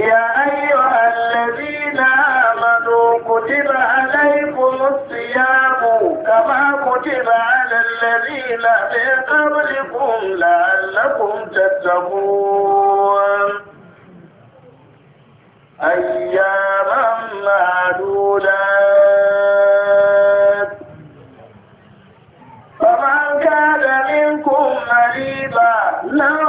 يا أيها الذين آمنوا كتب عليكم الصيام كما كتب على الذين من قبلكم لعلكم تتقون أياما معدودات فمن كان منكم مريضا لم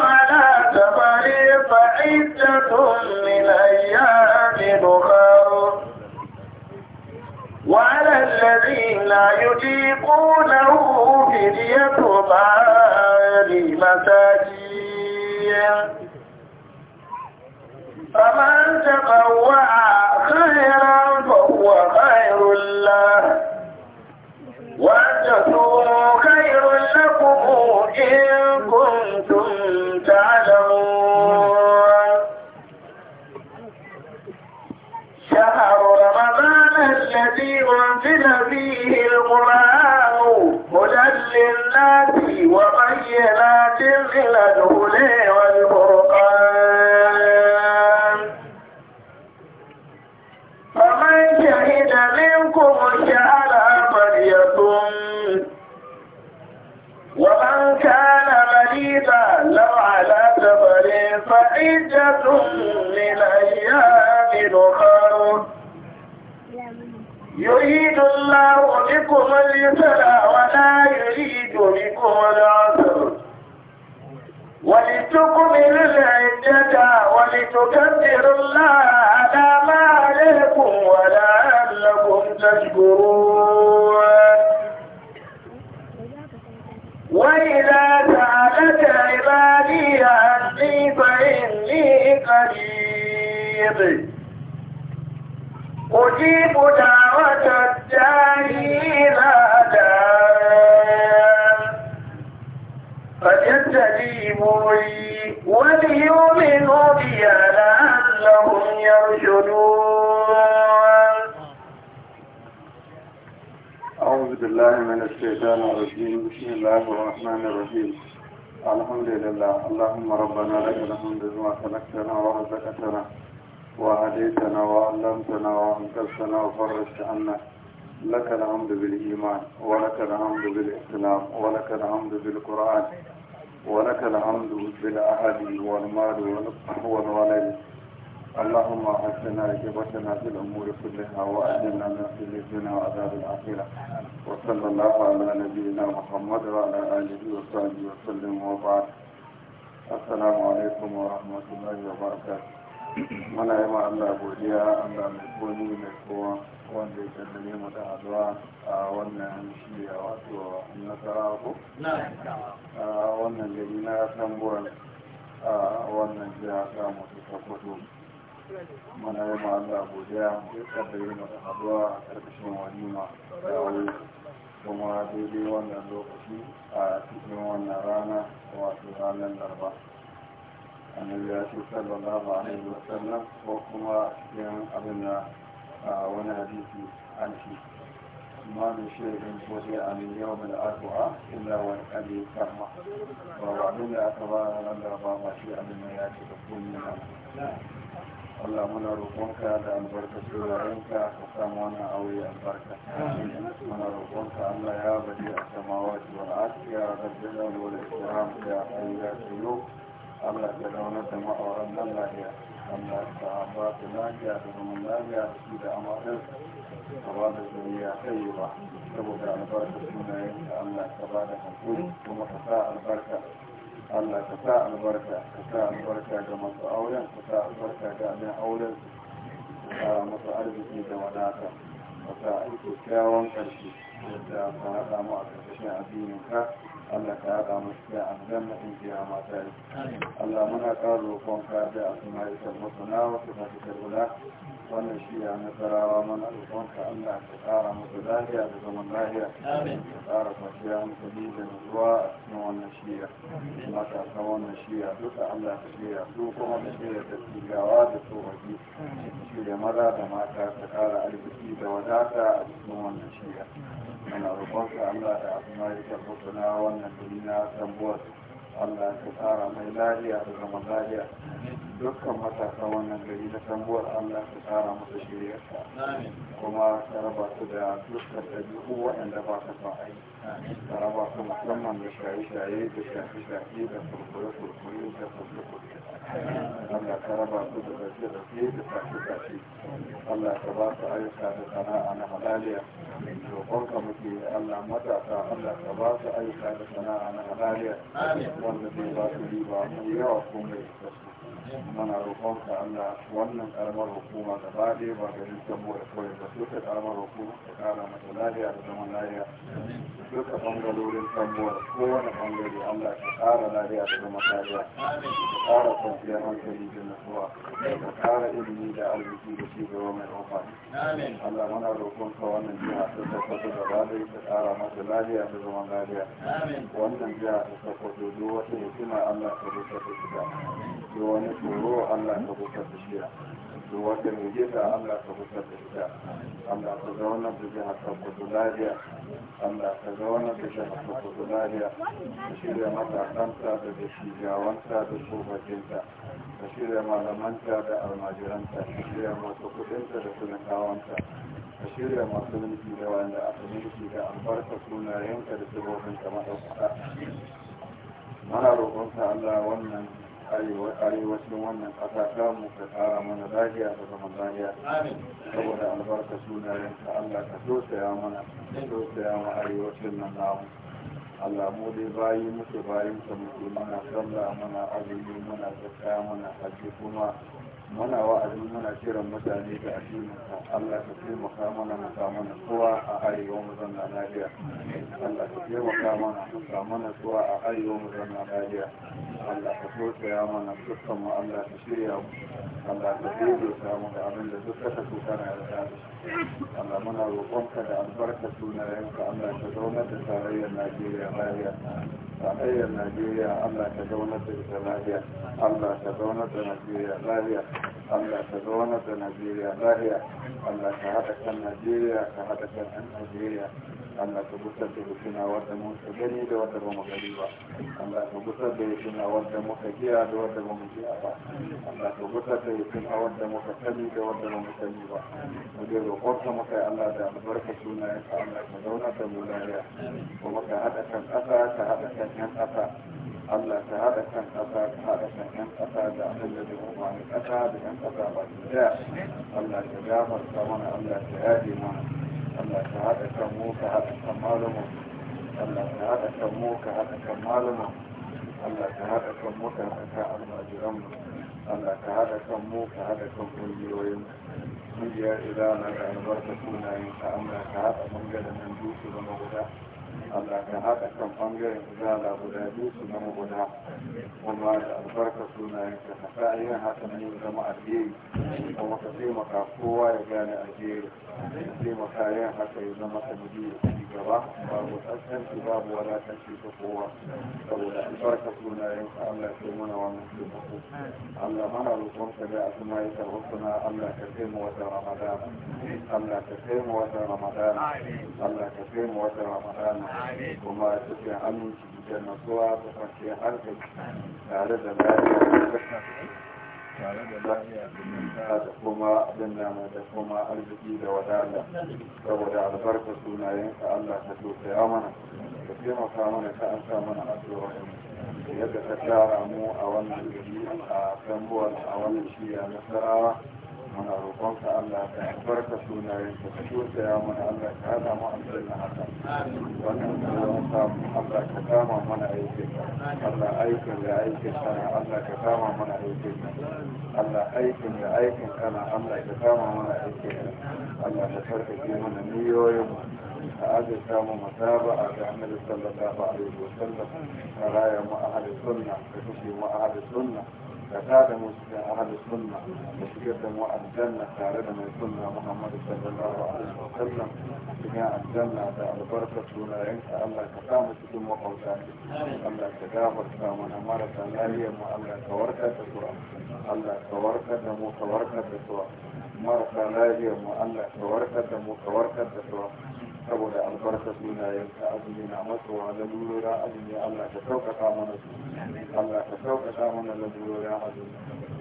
الذين يجيبونه فدية طعام مساكين فمن تطوع خيرا فهو خير له وأن تصوموا أنزل فيه القرآن هدى للناس وبينات من الهدى والفرقان فمن شهد منكم الشهادة فليصم ومن كان مريضا لو على سفر فعدة من أيام أخرى يريد الله بكم اليسر ولا يريد بكم العسر ولتكمل العدة ولتكبر الله على ما عليكم ولعلكم تشكرون وإذا سألك عبادي عني فإني قريب أجيب دعوة الداعي لا دان فليستجيبوا لي وليؤمنوا بي لعلهم يرشدون أعوذ بالله من الشيطان الرجيم بسم الله الرحمن الرحيم الحمد لله اللهم ربنا لك الحمد لما خلقتنا ورزقتنا وهديتنا وعلمتنا وأنكرتنا وفرجت عنا لك الحمد بالإيمان ولك الحمد بالإسلام ولك الحمد بالقرآن ولك الحمد بالأهل والمال والولد اللهم أحسنا إجابتنا في الأمور كلها وأهلنا من في الدنيا وعذاب الآخرة وصلى الله على نبينا محمد وعلى آله وصحبه وسلم وبعد السلام عليكم ورحمة الله وبركاته muna yi ma Allah godiya Allah mai komi mai kowa wanda ya kaddare mu da addu'a a wannan shirya wato nasara ko a wannan gari na tambuwar a wannan jiya ta mutu ta tabbato muna yi ma Allah godiya ya kaddare mu da addu'a a karkashin walima da wuri kuma daidai wannan lokaci a cikin wannan rana wato ranar larba النبي صلى الله عليه وسلم wasallam ko kuma cikin abin da ما من شيء وضع من يوم الأربعاء إلا والأبي كرمة ووعدنا أكبر أن بابا شيء من ياتي تكون منا اللهم نرقونك على البركة سورينك وسامونا أوي البركة ونرقونك أن يا بديع السماوات والأرض يا رب الجلال والإكرام يا حي يا قيوم Allah ka zaune da ma'auran nan lafiya Allah ka ba su lafiya da zaman lafiya da su da amarin ka ba da zuriya kai ba saboda albarka sunayen da Allah ta ba da hankali kuma ka sa albarka Allah ka sa albarka ka sa albarka ga masu auren ka sa albarka ga abin auren ka sa masu arziki da wadata ka sa aiki kyawun ƙarshe yadda ka haɗa mu a ƙarƙashin addinin ka Allah ka haɗa musu da aljanna in biya mata yi Allah muna ƙara roƙon ka da sabbata na wasu da su karbula wannan shi ya nasarawa mana roƙon ka Allah ka ƙara musu lahiya da zaman lahiya ka ƙara kwanciya hankali da nutsuwa a cikin wannan shiya matasan wannan shiya duka Allah ka shirya su kuma ka shirya da tigawa da tsofaffi shirya maza da mata ta ƙara arziki da wadata a cikin wannan shiya muna roƙonka Allah da abu ya tabbata na wannan duniya tambuwar Allah ka tsara mai lafiya da zama lafiya dukkan matasa wannan gari na tambuwar Allah su tsara musu shiryarsa kuma ta raba su da dukkan ɗabi'u waɗanda ba su ba ai ta raba su musamman da shaye-shaye da shafe-shafe da kurkure-kurkure da kurkure-kurkure Allah ta raba su da rafe-rafe da sace-sace Allah ta ba su ayyuka da sana'a na halaliya roƙonka muke Allah matasa Allah ta ba su ayyuka da sana'a na halaliya wanda zai ba su riba mai yawa kuma ya muna roƙonka Allah wannan ƙaramar hukuma da baɗe ba ga dukkan mu da kawai ba duka ƙaramar hukuma ka ƙara mata lafiya da zaman lafiya duka ɓangarorin samuwa da kowane ɓangare Allah ka ƙara lafiya da zaman lafiya ka ƙara kwanciyar hankali da nutsuwa ka ƙara ilimi da arziki da ci gaba mai amfani Allah muna roƙonka wannan jiha ta tabbata da baɗe ka ƙara mata lafiya da zaman lafiya wannan jiha ta tabbata duk wata hikima Allah ka rufe ta shiga da wani tsoro Allah ka gusar da shi da wata mai Allah ka gusar da shi Allah ka zauna da jihar Sokoto lafiya Allah ka zauna da jihar Sokoto lafiya ka shirya matakanta da da shigawanta da tsofacinta ka shirya malamanta da almajiranta ka shirya masu kudinta da tunakawanta ka shirya masu mulki da wanda aka mulki da albarka sunayenka da sabobin kamar ɗaukaka mana roƙonka Allah wannan arewacin wannan ƙasa samu ka tsara mana lahiya da zaman lahiya saboda albarka sunayen ka Allah ka tausaya mana tausaya ma arewacin nan namu Allah mu dai bayi muke bayin ka muke mana sallah mana azumi mana zakka mana hajji kuma muna wa'azi muna kiran mutane da addinin Allah ka taimaka mana na samu nutsuwa a arewa mu zanna lafiya Allah ka taimaka mana na samu nutsuwa a arewa mu zanna lafiya Allah ka ya mana dukkan mu Allah ka shirya mu Allah ka taimaka mu da abin da duk ka so kana yarda da Allah muna roƙonka da albarka yanka. Allah ka zaunar da tarayyar Najeriya lafiya tarayyar Najeriya Allah ka zaunar da ita lafiya Allah ka zaunar da Najeriya lafiya Allah ta zo wani da Najeriya lahiya Allah ta haɗa kan Najeriya ta haɗa kan 'yan Najeriya Allah ta gusar da rufina wadda muka gani da wadda ba mu gani ba Allah ta gusar da rufina wadda muka giya da wadda ba mu giya ba Allah ta gusar da rufina wadda muka sani da wadda ba mu sani ba mu da roƙonsa mu yi Allah da albarka sunayen sa Allah ta zauna da mu lahiya kuma ka haɗa kan ƙasa ka haɗa kan 'yan ƙasa Allah ta haɗa kan ƙasa ta haɗa kan ƴan ƙasa da abin da zai umarni ƙasa da ƴan ƙasa ba su daya Allah ta gafarta mana Allah ta yaɗe mana Allah ta haɗa kan mu ka haɗa kan malamin Allah ta haɗa kan mu ka haɗa kan malamin Allah ta haɗa kan mu ka haɗa kan almajiranmu Allah ta haɗa kan mu ka haɗa kan ƙungiyoyin ƙungiyar idana da albarka sunayen ka Allah ta haɗa ɓangaren nan dutse zama guda Allah ka haɗa kan ɓangaren zala guda biyu su zama guda kuma da albarka sunayen ka ka sa yin hakan ne zama alheri kuma ka taimaka kowa ya gane alheri ka taimaka yin haka ya zama sanadiyar ci gaba babu tsantsanci babu wadatanci ta kowa saboda albarka sunayen ka Allah ke mana wannan taimako Allah mana roƙon ka da asuma ya karɓar suna Allah ka kai mu wata Ramadan Allah ka kai mu wata Ramadan Allah ka kai mu wata Ramadan kuma cikin aminci da nasuwa da kwanciyar arziki tare da lafiya tare da lafiya da kuma abin da kuma arziki da wadanda. saboda albarka sunayenka Allah ta tausaya mana da taimaka mana ta an mana addu'a yadda ta tara mu a wannan gari a tambuwar a wannan shirya nasarawa muna roƙonka Allah ka albarka sunayen ka ka shuta ya mana Allah ka hada mu aljanna haka wannan tsoron samu Allah ka kama mana aikin ka Allah aikin da aikin sana Allah ka kama mana aikin ka Allah aikin da aikin kana Allah ka kama mana aikin ka Allah ka sarkake mana niyoyin mu هذا كان متابعة لعمل صلى الله عليه وسلم فلا يا مع أهل السنة فتشي مع أهل السنة كذا أهل السنة مسجدا والجنة تعالى من سنة محمد صلى الله عليه وسلم جميع الجنة على بركة سنين الله كسامة سكين وقوتان الله كجابر كامن أمارة نالية الله كوركة سورة الله كوركة مو كوركة سورة مرة نالية الله كوركة مو كوركة سورة saboda albarka suna sunayenka azumi na wa matsowa lalurora azumi Allah ka sauƙaƙa mana su Allah ka sauƙaƙa mana lalurora azumi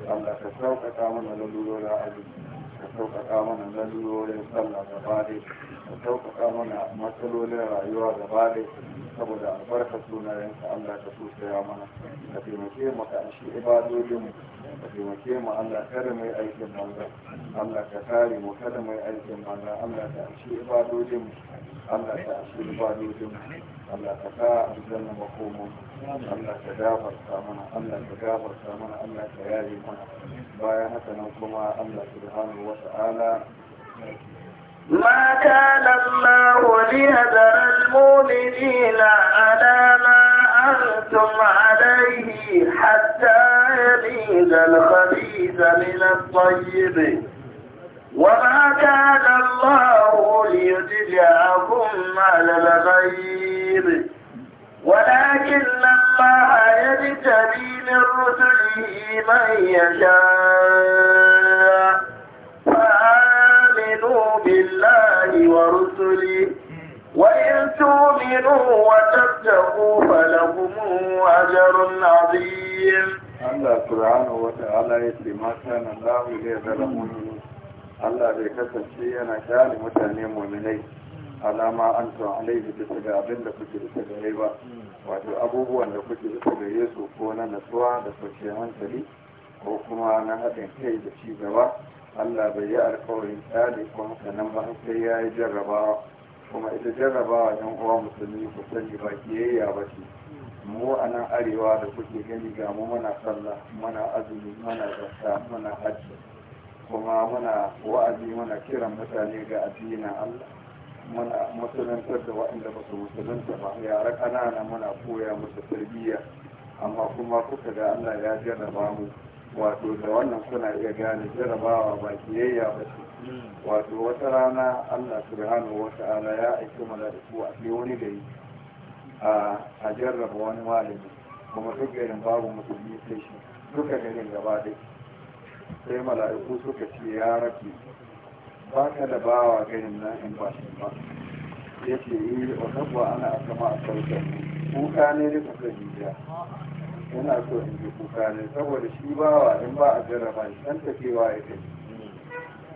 Allah ka sauƙaƙa mana lalurora azumi ka sauƙaƙa mana lalurorin sallah gaba dai ka sauƙaƙa mana matsalolin rayuwa gaba dai saboda albarka suna sunayenka Allah ka tusaya mana ka taimake mu ka shi mu. ka taimake mu Allah kada mai aikin banza Allah ka kare mu kada mai aikin banza Allah ka ashe ibadojin mu Allah ka ashe ibadojin mu Allah ka sa aljanna makomo Allah ka gafarta mana Allah ka gafarta mana Allah ka yaye mana bayan haka nan kuma Allah subhanahu wa ta'ala ما كان الله ليذر المؤمنين على ما أنتم عليه حتى يميز الخبيث من الطيب وما كان الله ليتجعكم على الغيب ولكن الله يجتبي من رسله من يشاء فآمنوا بالله ورسله وإن تؤمنوا وتتقوا فلهم أجر عظيم الله سبحانه وتعالى يسري ما كان الله إليه ظلمون الله ذي كسب شيئا كان متاني مؤمني على ما أنت عليه بسبب أبن لكتب سبعيبا أيوة. وأتو أبوه أن لكتب سبعي يسو كونا نسوا لكتب أنت لي وكما أنا هدين كيد في جواب الله بيأر قوي تالي كما كان مبهن كي يجربا kuma ita jarrabawa yan uwa musulmi ku sani ba kiyayya ba ce mu a nan arewa da kuke gani ga mu muna sallah muna azumi muna zakka muna hajji kuma muna wa'azi muna kiran mutane ga addinin Allah muna musuluntar da waɗanda ba su musulunta ba yara ƙanana muna koya musu tarbiyya amma kuma kuka ga Allah ya jarraba mu wato da wannan suna iya gane jarrabawa ba kiyayya ba ce wato wata rana Allah subhanahu wa ta'ala ya aiki mala'iku a ke wani gari a jarraba wani malami kuma duk garin babu musulmi sai shi duka garin gaba dai sai mala'iku suka ce ya rafi ba ka da bawa garin nan in ba shi ba ya ce yi eh, wa ana a kama a sauƙar kuka ne da kuka jiya yana so in ji kuka ne saboda shi bawa in ba a jarraba shi ɗan tafiya ya kai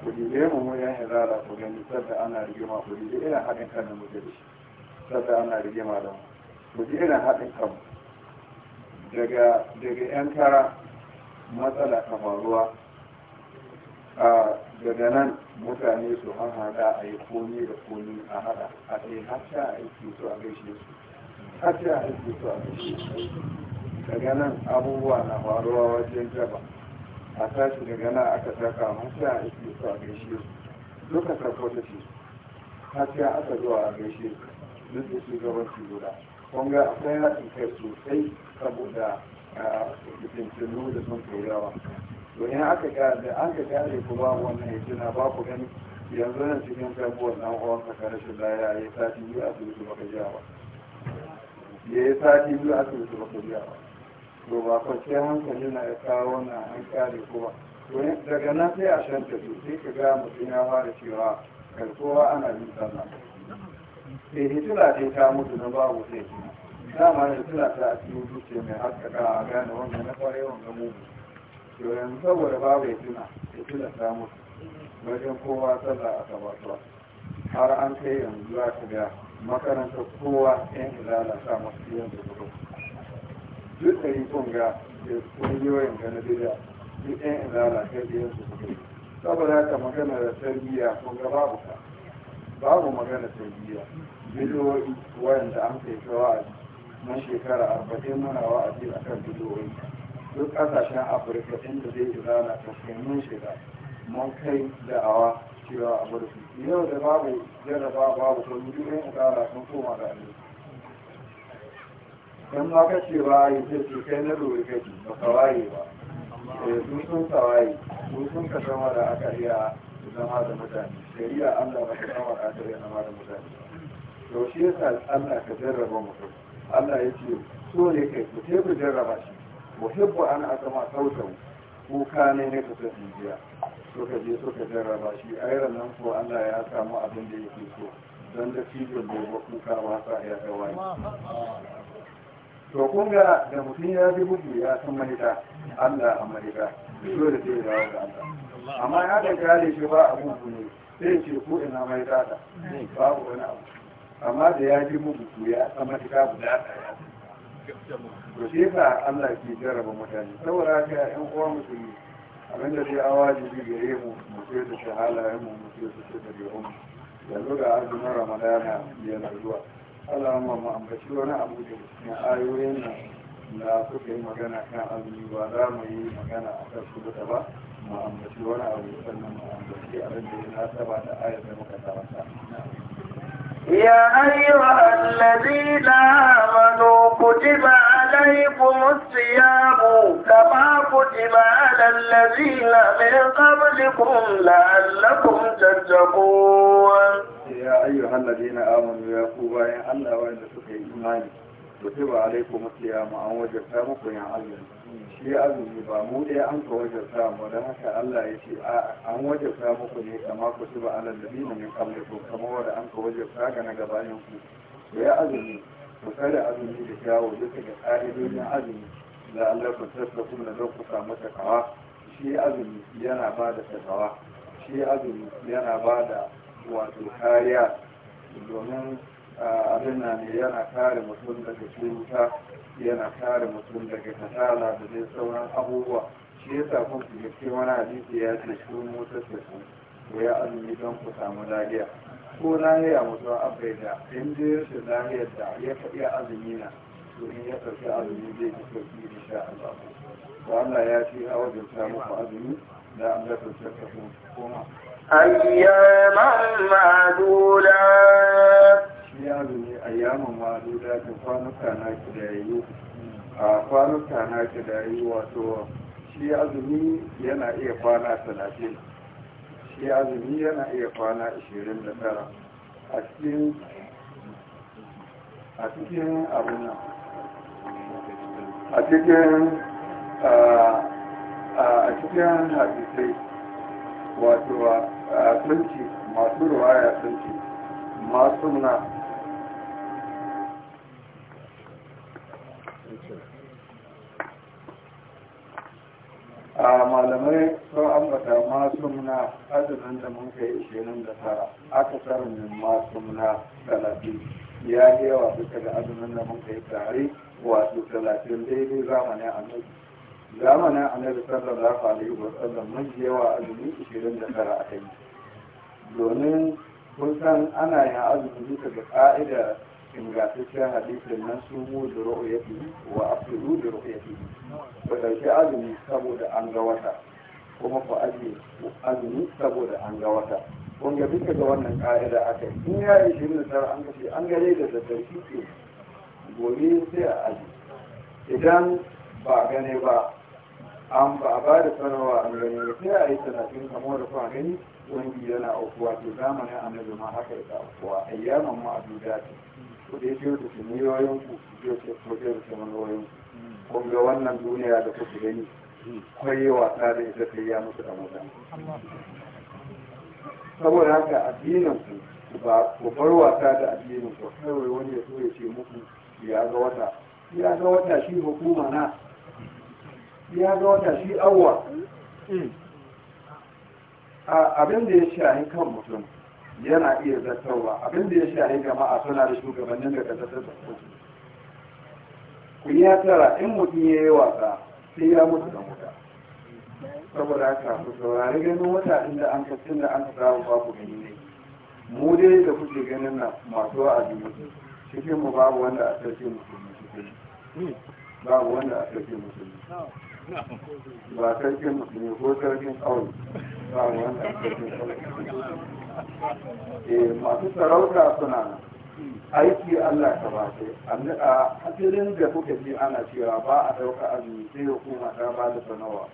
ku dide mu mu yan hizara ku gani sadda ana rigima ku dide irin haɗin kan da muke da shi sadda ana rigima da mu ku ji irin haɗin kan daga daga yan kara matsala kamar ruwa daga nan mutane su an hada a yi komi da komi a hada a ɗaya har sha aiki su a gaishe su har sha aiki su a gaishe su daga nan abubuwa na faruwa wajen jaba a tashi daga nan aka saka masu a ake su a gaishe su duka ta ce haske aka zuwa a gaishe su duk da su guda kun ga akwai haɗin kai sosai saboda fitintinu da sun yawa to in aka gane an ka gane ku ba wannan na ba ku gani yanzu nan cikin sabuwar dan uwan ka rashin laya ya yi sati biyu a baka su ya yi sati biyu baka jawa ba to ba kwanciyar hankali na ya kawo na an kare kowa daga nan sai a shanta su sai ka ga mutum ya fara cewa karkowa ana yin sallah sai eh, hitila dai ta mutu na babu sai dama hitila ta a cikin zuciya mai haskaka a gane wannan na kware wanga mu to yanzu saboda babu hitila hitila ta mutu wajen kowa sallah a sabatuwa har an kai yanzu za ka ga makarantar kowa yan hilala ta masu yanzu gudu duk da yi kunga da kungiyoyin da na bida duk ɗan izala tarbiyyar su suke saboda haka magana da tarbiyya ga babu ka babu magana tarbiyya bidowi wanda an kai ta wa'azi na shekara arba'in mana wa'adi a kan bidowi duk ƙasashen afirka inda zai izala kaskannin shiga mun kai da'awa cewa a murfi yau da babu jarraba babu kuma duk ɗan izala sun koma da alheri in ma ka ce yi ce su kai na roƙe kaji ba ka waye ba eh, sun sun ka sun sun ka zama da aka iya zama da mutane shari'a Allah ba ka zama da aka iya zama da mutane to shi yasa Allah ka jarraba mutum Allah ya ce so ne kai ku ce ku jarraba shi muhibbu an asama sautau kuka ne ne ka san jiya ka je ka jarraba shi a yi nan ko Allah ya samu abin da yake so don da cikin da ya kuka ba sa iya gawayi to kun da mutum ya fi gudu ya san mahita Allah a mahita dole sai ya dawo da Allah amma ya da kare shi ba abun ne sai ce ko ina mai tsada babu wani abu amma da ya ji mu mutu ya san mahita guda ɗaya to shi ka Allah ke jarraba mutane saboda haka 'yan uwa musulmi abinda sai awajibi gare mu mu ce su shahalayen mu mu ce su shekaru yanzu ga azumin ramadana biyar zuwa Alama mu ambaci wani abu da cikin ayoyin nan da suka yi magana kan azumi ba za mu yi magana a kan kubuta ba mu ambaci wani abu sannan mu ambaci abin da ya ba da ayar da muka karanta. يا أيها الذين آمنوا كتب عليكم الصيام كما كتب على الذين من قبلكم لعلكم تتقون يا أيها الذين آمنوا يا قوبا يا الله وإن سكي إيماني كتب عليكم الصيام أن وجبتامك يا الله shi azumi ba mu dai an ka wajabta mu don haka Allah ya ce an wajabta muku ne kama ku ci ba alal ladina min qablikum kama wanda an ka wajabta ga na gaba ku ya azumi ku tsare azumi da kyawu duka ga ƙa'idodin azumi da Allah ku tsarka ku samu takawa shi azumi yana ba da takawa shi azumi yana ba da wato kariya domin abin na ne yana kare mutum daga cuta yana kare mutum daga kasala da dai sauran abubuwa shi yasa kun fi wani hadisi ya ce shi motar da su ko ya azumi don ku samu lahiya ko lahiya mutum abai da in dai shi lahiyar da ya iya azumi na to in ya ɗauki azumi zai ji sauki insha Allah. Allah ya ce a wajen samu azumi أياما معدودا أياما معدودا kwanuka na kidayayyu a kwanuka na kidayayyu wato shi azumi yana iya kwana talatin shi azumi yana iya kwana ashirin da tara a cikin abin a a cikin hadisai wato a sunci masu ruwaya sunci masu na a malamai sun ambata masu na azumin da mun kai shirin da tara aka tsarin masu na talatin ya yi yawa duka da azumin da mun kai tare wato talatin daidai zamanin annabi zamanin annabi sallallahu alaihi wa sallam mun yawa azumi 29 a kai domin kun san ana yin azumi bisa ga ka'ida ingantaccen hadisin nan su mu da ru'yati wa afiru da ru'yati ku dauki azumi saboda an ga wata kuma ku aje azumi saboda an ga wata kun ga bisa ga wannan ka'ida aka yi in ya yi shirin da an kashe an gare da daddare shi gobe sai a aji idan ba gane ba an ba a ba da sanarwa an gani sai a yi talatin kamar da kuma gani wani yana aukuwa to zamanin annabi ma haka da aukuwa yaman ma a duda ce ku dai biyo da su miliyoyin ku biyo ce ku biyo da su miliyoyin ku ko ga wannan duniya da kuke gani kwaye wasa da ita ta ya musu da mata saboda haka addinin ku ba ku bar wasa da addinin ku kawai wani ya so ya ce muku ya ga wata ya ga wata shi hukuma na ya ga wata shi awwa hmm. abin da ya shahi kan mutum yana iya zartarwa abin da ya shahi jama'a suna da shugabannin da kasar da mutu ku ya tara in mutum ya yi wasa sai ya mutu da mutu saboda haka ku saurari ganin wata inda an kasin da an samu ba ku gani ne mu dai da kuke ganin na masu wa'azi mutu cikin mu babu wanda a sarki musulmi cikin hmm. babu wanda a sarki musulmi ba sarkin musulmi ko sarkin kawai ba wanda sarkin kawai eh, masu sarauta suna aiki Allah ta ba ce. a hasirin da kuka ji ana cewa ba a ɗauka azumi sai hukuma ta ba da sanawa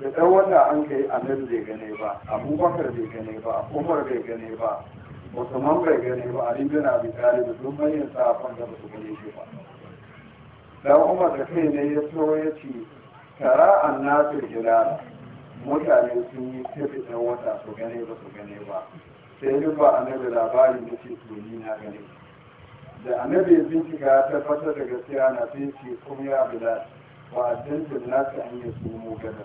da ɗan wanda an kai annabi bai gane ba abubakar bai gane ba umar bai gane ba musamman bai gane ba a ali bai abi da sun bayyana sa da ba su gane shi ba dan umar da kai ne ya so ya ce tara an nasu hilala mutane sun yi tafi ɗan wata su gane ba su gane ba sai duk ba annabi labarin da ce tuni na gane da annabi ya bincika ya tabbatar da gaskiya na sai ce kuma ya bilal wa da nasu an yi su mu gana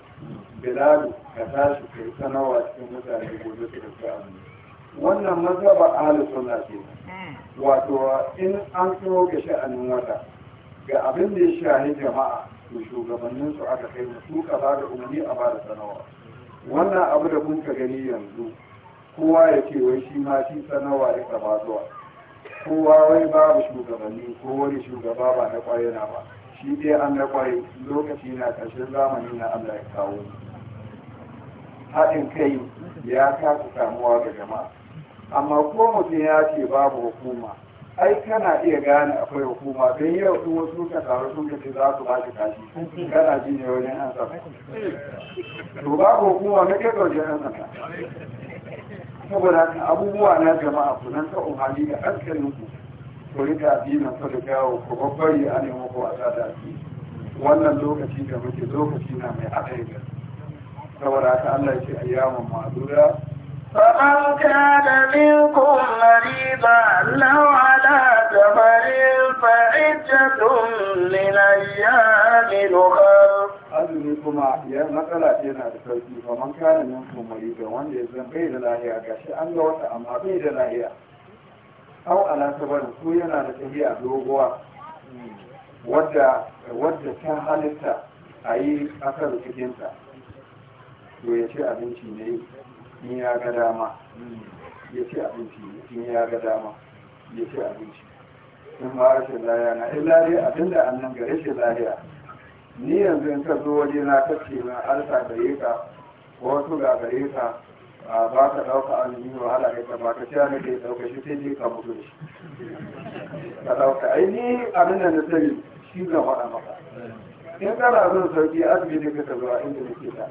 bilal ka tashi kai sanarwa cikin mutane gobe su gaske abu wannan mazhaba ahli sunna ce hmm. wato in an tsoro ga sha'anin wata ga abin da ya shahi jama'a to shugabannin su aka kai su ka ba da umarni a ba da sanawa wannan abu da kun ka gani yanzu kowa ya ce wai shi ma shi sanawa ya ba zuwa kowa wai babu shugabanni ko wani shugaba ba na kwaye na ba shi dai an na kwaye lokaci na ƙarshen zamani na allah ya kawo haɗin kai ya kasu samuwa ga jama'a amma ko mutum ya ce babu hukuma ai kana iya gane akwai hukuma don yau sun wasu ka taru sun kace za su ba shi kashi kana ji ne wajen an sa to ba hukuma na kai wajen an sa saboda abubuwa na jama'a ku nan ta umarni da hankalin ku ku rika addinin ku da gawo ku babbari a neman ku a sada ki wannan lokaci da muke lokaci na mai haɗari saboda haka Allah ya ce ayyaman ma'adura فمن كان منكم مريضا لو على سفر فعدة من أيام أخر azumi kuma 'yan matsala ce na da sauki ba man kana nan kuma ga wanda ya zan bai da lahiya gashi an ga wata amma bai da lahiya au ala sabar ko yana da tafiya doguwa wadda wadda ta halitta a yi ƙasar cikinta to ya ce abinci ne in ya ga dama ya ci abinci in ya ga dama ya ci abinci in ma rashin lahiya na in lahiya abinda annan ga rashin lahiya ni yanzu in ka zo waje na kace na alsa gare ka wasu ga gare ka a ba ka ɗauka azumi wahala ne ka ba ka ciya ne ke ɗauka shi sai je ka mutu shi ka ɗauka ai ni abin da na sani shi ga faɗa maka in kana zan sauki asibiti ka tabbara inda nake ta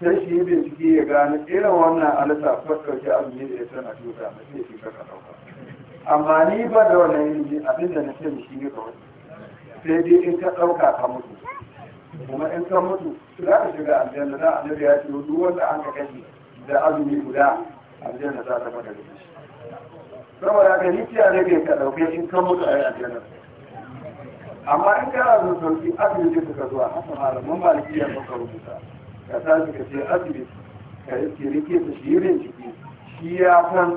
sai shi yi bincike ya gane irin wannan alisa ko sauki asibiti da ya sana tuta na ce shi kaka dauka amma ni ba da wannan yin abinda na ce shi ne kawai sai dai in ka dauka ka mutu kuma in ka mutu za ka shiga aljanna za a nuna ya ce duk wanda an ka kashe da azumi guda aljanna za ta fada da shi saboda ka ni a ne ka dauke in ka mutu a yi aljanna amma in kana zo sauki asibiti suka zuwa haka malaman maliki ya suka rubuta ka tashi ka ce asibiti ka yi rike su shirin ciki shi ya san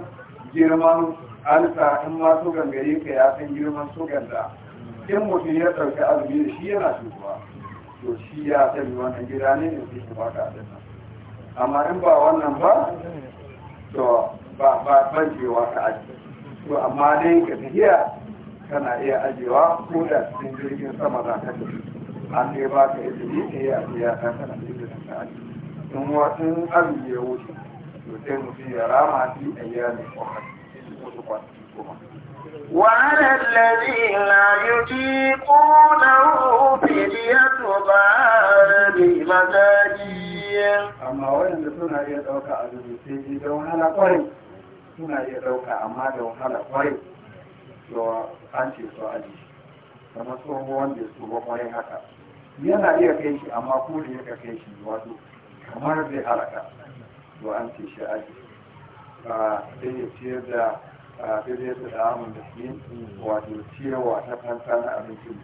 girman alisa in ma su gangare ka ya san girman so ganda in mutum ya ɗauki azumi da shi yana cutuwa to shi ya san wannan gida ne ne su shi baka da nan amma in ba wannan ba to ba ban cewa ka aji to amma dai ka tafiya kana iya ajiyewa ko da cikin jirgin sama za ka ce an ne ba ka izini ka eh, yi ajiya ta kana izinin ka aji in wasu azumi ya wuce to sai mutum ya rama fi ayyalin kwakwai wasu kwanaki kuma وعلى الذين يطيقونه فدية بار مساكين أما وين سنة يدوك أن يسيدي دون هلا قريب سنة يدوك أما amma da wahala cewa an ce su aji kamar tsoho da ya tsoho kwarai haka yana iya kai shi amma ko da ya kai shi wato kamar zai haraka to an ce shi aji a sai ya ciyar da daidai da amin da su wato ciyarwa ta kanta na abincin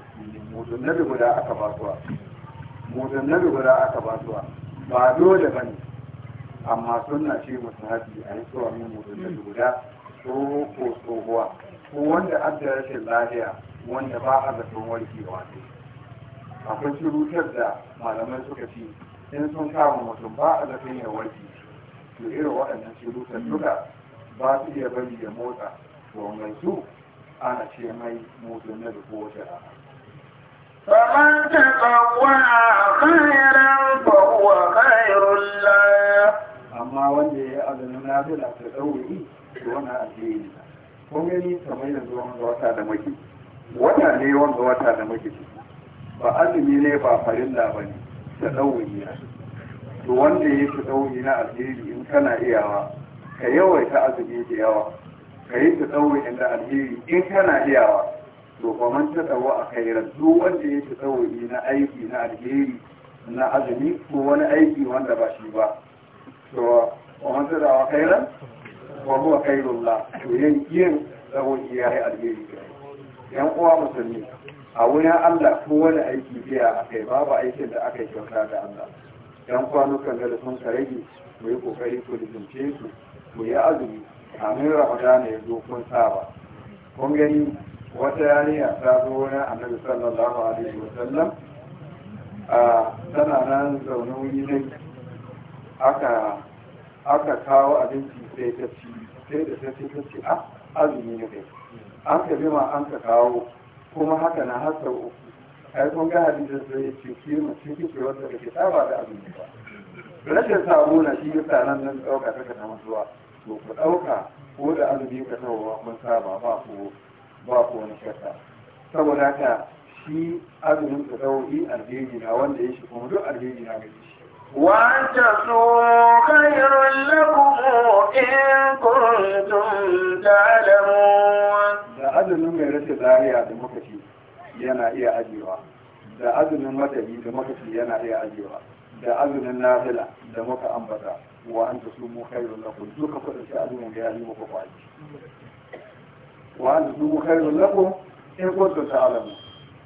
musulmi na guda aka basuwa mudunar guda aka basuwa ba dole ba ne amma suna ce musu haɗi a yi tsohon mudunar guda ko ko tsohuwa ko wanda adda rashin lafiya wanda ba a zaton warkewa ne akwai surutar da malamai suka ci in sun kama mutum ba a zafin ya warke to irin waɗannan surutar duka ba su iya bari ya motsa to mai su ana ce mai motsa na da kowace rana فمن تطوع خيرا فهو خير له أما وجه أذن نازل أتدعوه دون أجيبه kun gani kamar yanzu wanda wata da muke wata ne wanda wata da muke ciki ba azumi ne ba farilla ba ne ta ya to wanda ya fi ɗauri na alheri in kana iyawa ka ta azumi da yawa ka yi ta ɗauri inda alheri in kana iyawa to kwaman ta ɗauro a kairar duk wanda ya fi ɗauri na aiki na alheri na azumi ko wani aiki wanda ba shi ba to kwaman ta ɗauro kairar wa kai khairullah to yin yin tsawon iyaye alheri yan uwa musulmi a wurin Allah ko wani aiki biya a kai babu aikin da aka yi kyauta da Allah yan kwanukan da sun karege mu yi kokari ku lizince su mu yi azumi kamin ramadana ya zo kun saba kun gani wata yariya ta zo wurin annabi sallallahu alaihi wa sallam a tana nan zaune wuri aka aka kawo abinci sai ta ci sai da sai ta ci a ah, azumi ne kai an ka bima an ka kawo kuma haka na har sau uku ai kun ga hadisin sai ya ce ki mu cikin ki wanda ke tsawa da azumi ba rashin samu na shi yasa nan nan dauka ta kana zuwa to ku dauka ko da azumi ka tawo mun saba ba ku ba ku wani shakka saboda haka shi azumin ka tawo in alheri na wanda ya shi kuma duk alheri na gaji shi وأن تصوموا خير لكم إن كنتم تعلمون da azumin mai rashin tsariya da makashi yana iya ajiyewa da azumin matabi da makashi yana iya ajiyewa da azumin nafila da muka ambata wa an ta sumu khairun lakum duka kuɗin shi azumin da ya yi muku kwaji wa an ta sumu khairun lakum in kuntum ta'lamun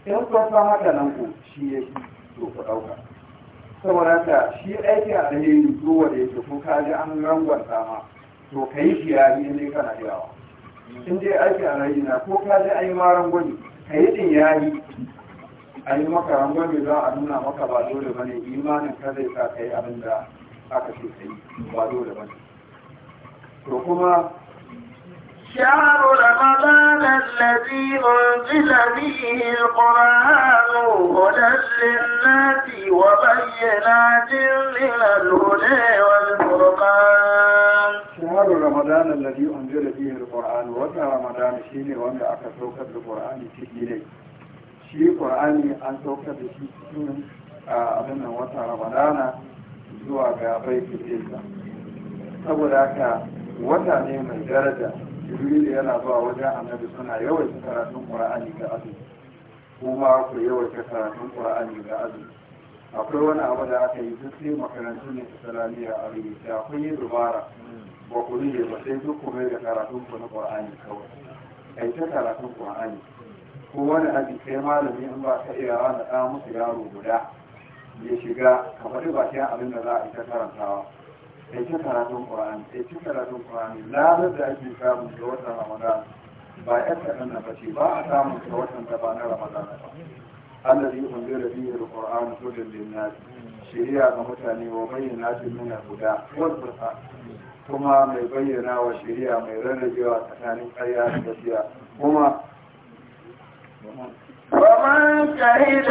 in kun san haka nan ku shi yake to ku ɗauka saboda ka shi da alheri ko da yake ko ka ji an rangwanta ma to ka yi shi ya yi ne kana yawa in dai a rayu na ko ka ji an yi ma rangwani ka yi din ya yi an yi maka rangwani za a nuna maka ba dole ba ne imanin ka zai sa ka yi abin da aka ce ka yi ba dole ba ne to kuma شهر رمضان الذي أنزل به القرآن هدى للناس وبينات من الهدى والفرقان شهر رمضان الذي أنزل به القرآن وأن رمضان شيني وما أكثوك القرآن في shi ƙwar'ani an saukar da shi cikin abin nan wata ramadana zuwa ga baitul izza saboda haka wata ne mai daraja jibril yana zuwa wajen annabi suna yawaita karatun qur'ani ga azumi kuma ku yawaita karatun qur'ani ga azu akwai wani abu da aka yi duk sai makarantu ne islamiyya a rubuta ta, akwai dubara ba ku yi ba sai duk ku mai da karatun ku na qur'ani kawai kai ta karatun qur'ani ko wani abu kai malami in ba ka iya rana da musu yaro guda ya shiga kamar ba sai abin da za a yi ta karantawa kai ta karatun ƙura'ani kai ta karatun ƙura'ani lalar da ake samu da watan ramadan ba yan kadan na bace ba a samun da watan da ba na ramadan ba allah zai kunde da biyar ƙura'ani to da linnati shirya ga mutane wa bayyana shi nuna guda wadda kuma mai bayyana wa shirya mai rarrabewa tsakanin ƙarya da gaskiya kuma ومن شهد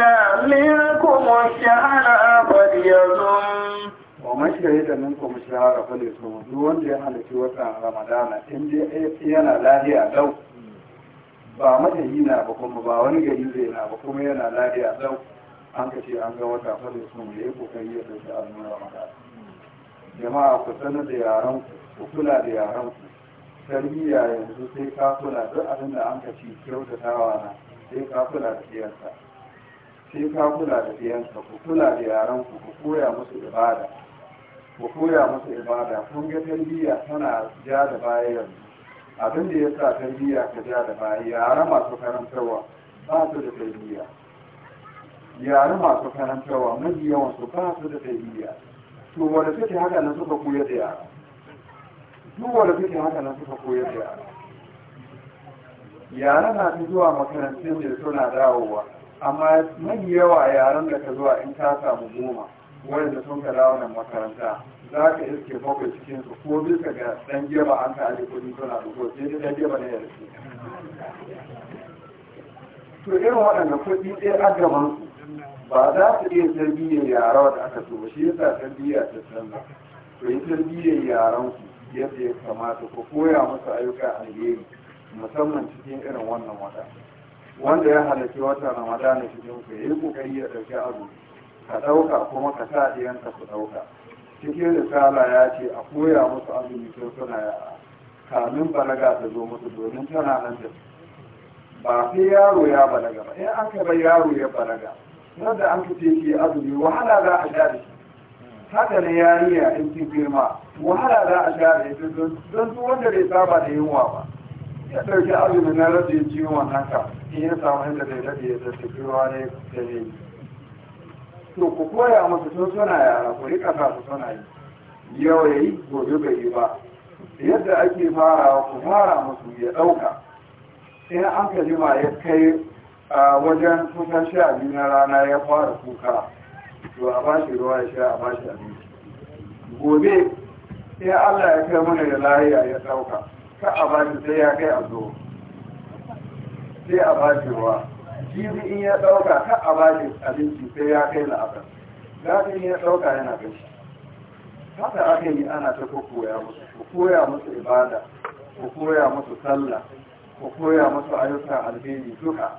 منكم الشهر فليظن shi nan kuma shi minkum shahara su duk wanda ya halarci wata ramadana in dai yana lafiya dau ba matayi na ba kuma ba wani gari zai na ba kuma yana lafiya dau an ka ce an ga wata falyasum ya yi kokari ya dauki azumin ramadana jama'a ku sanar da yaran ku kula da yaran ku tarbiyya yanzu sai ka kula duk abin da an ka ci kyautatawa na sai ka kula da siyarsa sai ka kula da biyanka ku kula da yaran ku ku koya musu ibada ku koya musu ibada kun ga tarbiyya tana ja da baya yanzu abin da ya sa tarbiyya ka ja da baya yara masu karantarwa ba su da tarbiyya yara masu karantarwa mafi yawan su ba su da tarbiyya to wanda suke haka nan suka koya da yara duk wanda suke haka nan suka koya da yara yara na fi zuwa makarantun da suna dawowa amma mafi yawa yaran da ka zuwa in ka samu goma wanda sun ka dawo nan makaranta za ka iske bakwai cikin su ko bisa ga dan jeba an ka aje kudi suna ko sai dan jeba ne ya rike to irin waɗannan kuɗi ɗaya a gaban su ba za su iya tarbiyyar yara da aka so ba shi yasa tarbiyya ta canza to yi tarbiyyar yaran su yadda ya kamata ku koya musu ayyuka a alheri musamman cikin irin wannan wata wanda ya halarci wata ramadana cikin ku ya yi kokari ya ɗauki azumi ka ɗauka kuma ka sa ɗiyanka su ɗauka cikin risala ya ce a koya musu azumi tun suna yara kamin balaga ta zo musu domin tana nan da ba sai yaro ya balaga ba in aka bai yaro ya balaga da an fice shi azumi wahala za a sha da shi haka ne a in cin girma wahala za a sha da shi don su wanda bai saba da yunwa ba ya ɗauki azumi na rabin ciwon haka in ya samu inda bai daɗe ya tattafi ruwa ne da ne to ku koya musu sun suna yara ku rika sa su yi yau ya yi gobe bai yi ba yadda ake fara ku fara musu ya ɗauka in an ka jima ya kai a wajen kusan sha biyu na rana ya fara kuka to a ba shi ruwa ya sha a ba shi abinci gobe sai allah ya kai mana da lahiya ya ɗauka ka a ba shi sai ya kai a zo sai a ba shi ruwa jibi in ya ɗauka ta a bashi abinci sai ya kai la'asar gadi ya ɗauka yana gashi haka aka yi ana ta koya musu ku koya musu ibada ku koya musu sallah ku koya musu ayyukan alheri duka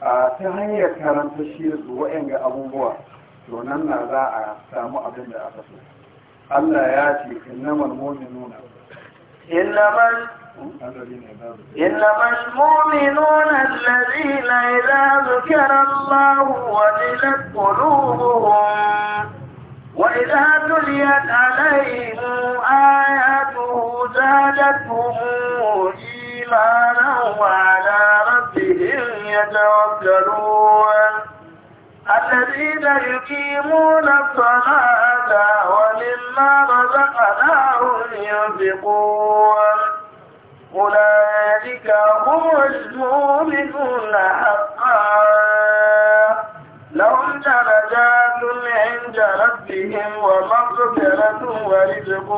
a ta hanyar karanta shi su ga abubuwa to nan na za a samu abin da aka so Allah ya ce innamal mu'minuna innamal إنما المؤمنون الذين إذا ذكر الله وجلت قلوبهم وإذا تليت عليهم آياته زادتهم إيمانا وعلى ربهم يتوكلون الذين يقيمون الصلاة ومما رزقناهم ينفقون أولئك هم المؤمنون حقا لهم درجات عند ربهم ومغفرة ورزق